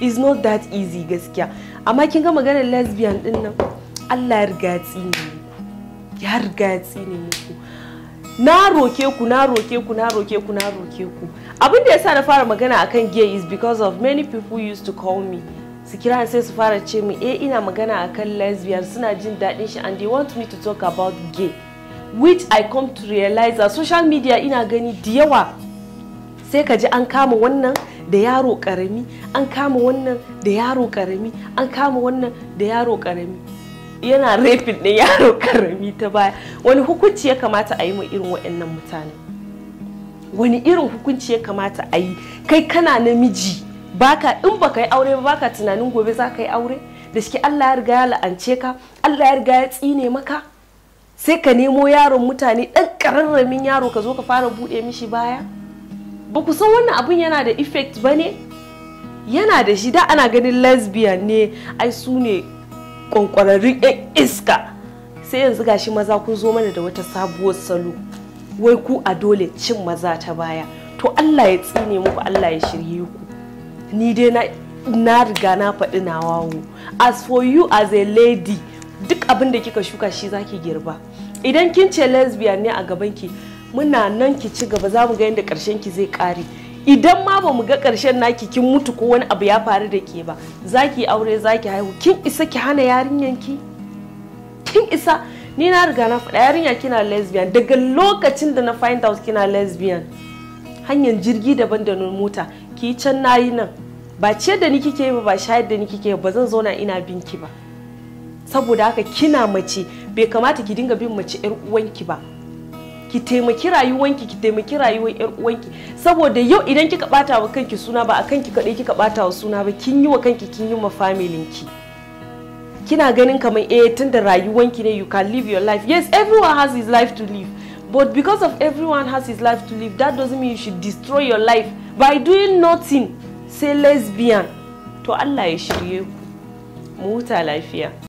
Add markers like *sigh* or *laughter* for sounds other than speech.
is not that easy gaskiya amma kin ga maganar lesbian din nan Allah ya riga tsini ya riga tsini muku na roke ku na roke ku na roke ku na roke ku abin da yasa na fara magana akan gay is because of many people used to call me su kira sai su fara ce mu eh ina magana akan lesbian suna jin daɗin shi and they want me to talk about gay which i come to realize a social media ina gani da yawa sai ka ji an kama wannan da yaro karami an kama wannan da yaro karami an kama wannan da yaro karami yana rafin da yaro karami *laughs* ta baya wani hukunci ya kamata a yi ma irin waɗannan mutane wani irin hukunci ya kamata a yi kai kana namiji baka in baka yi aure ba baka tunanin gobe za ka yi aure da shi Allah ya riga ya la'ance ka Allah ya riga ya tsine maka sai ka nemo yaron mutane ɗan ƙararramin yaro ka zo ka fara buɗe mishi baya ba ku san wannan abun yana da effect ba ne yana da shi da ana ganin lesbian ne ai su ne kwankwararrun yan iska sai yanzu gashi maza kun zo mana da wata sabuwar salo wai ku a dole cin maza ta baya to allah ya tsine muku allah ya shirye ku ni dai na riga na faɗi na wawo as for you as a lady duk abin da kika shuka shi zaki girba idan kin ce lesbian ne a gaban ki muna nan ki ci gaba za mu ga yadda karshen ki zai kare idan ma ba mu ga karshen naki kin mutu ko wani abu ya faru da ke ba za ki aure za ki haihu kin isa ki hana yarinyan ki kin isa ni na riga na faɗa yarinya kina lesbian daga lokacin da na find out kina lesbian hanyar jirgi daban da mota ki can nayi nan ba ciyar da ni kike ba ba shayar da ni kike yi ba zan zauna ina binki ba saboda haka kina mace bai kamata ki dinga bin mace 'yar uwanki ba ki taimaki rayuwanki ki taimaki rayuwar yar uwanki saboda yau idan kika bata wa kanki suna ba a kanki kadai kika bata wa suna ba kin yi wa kanki kin yi ma familin ki kina ganin kamar eh tunda rayuwanki ne you can live your life yes everyone has his life to live but because of everyone has his life to live that doesn't mean you should destroy your life by doing nothing say lesbian to Allah ya shirye ku mu huta lafiya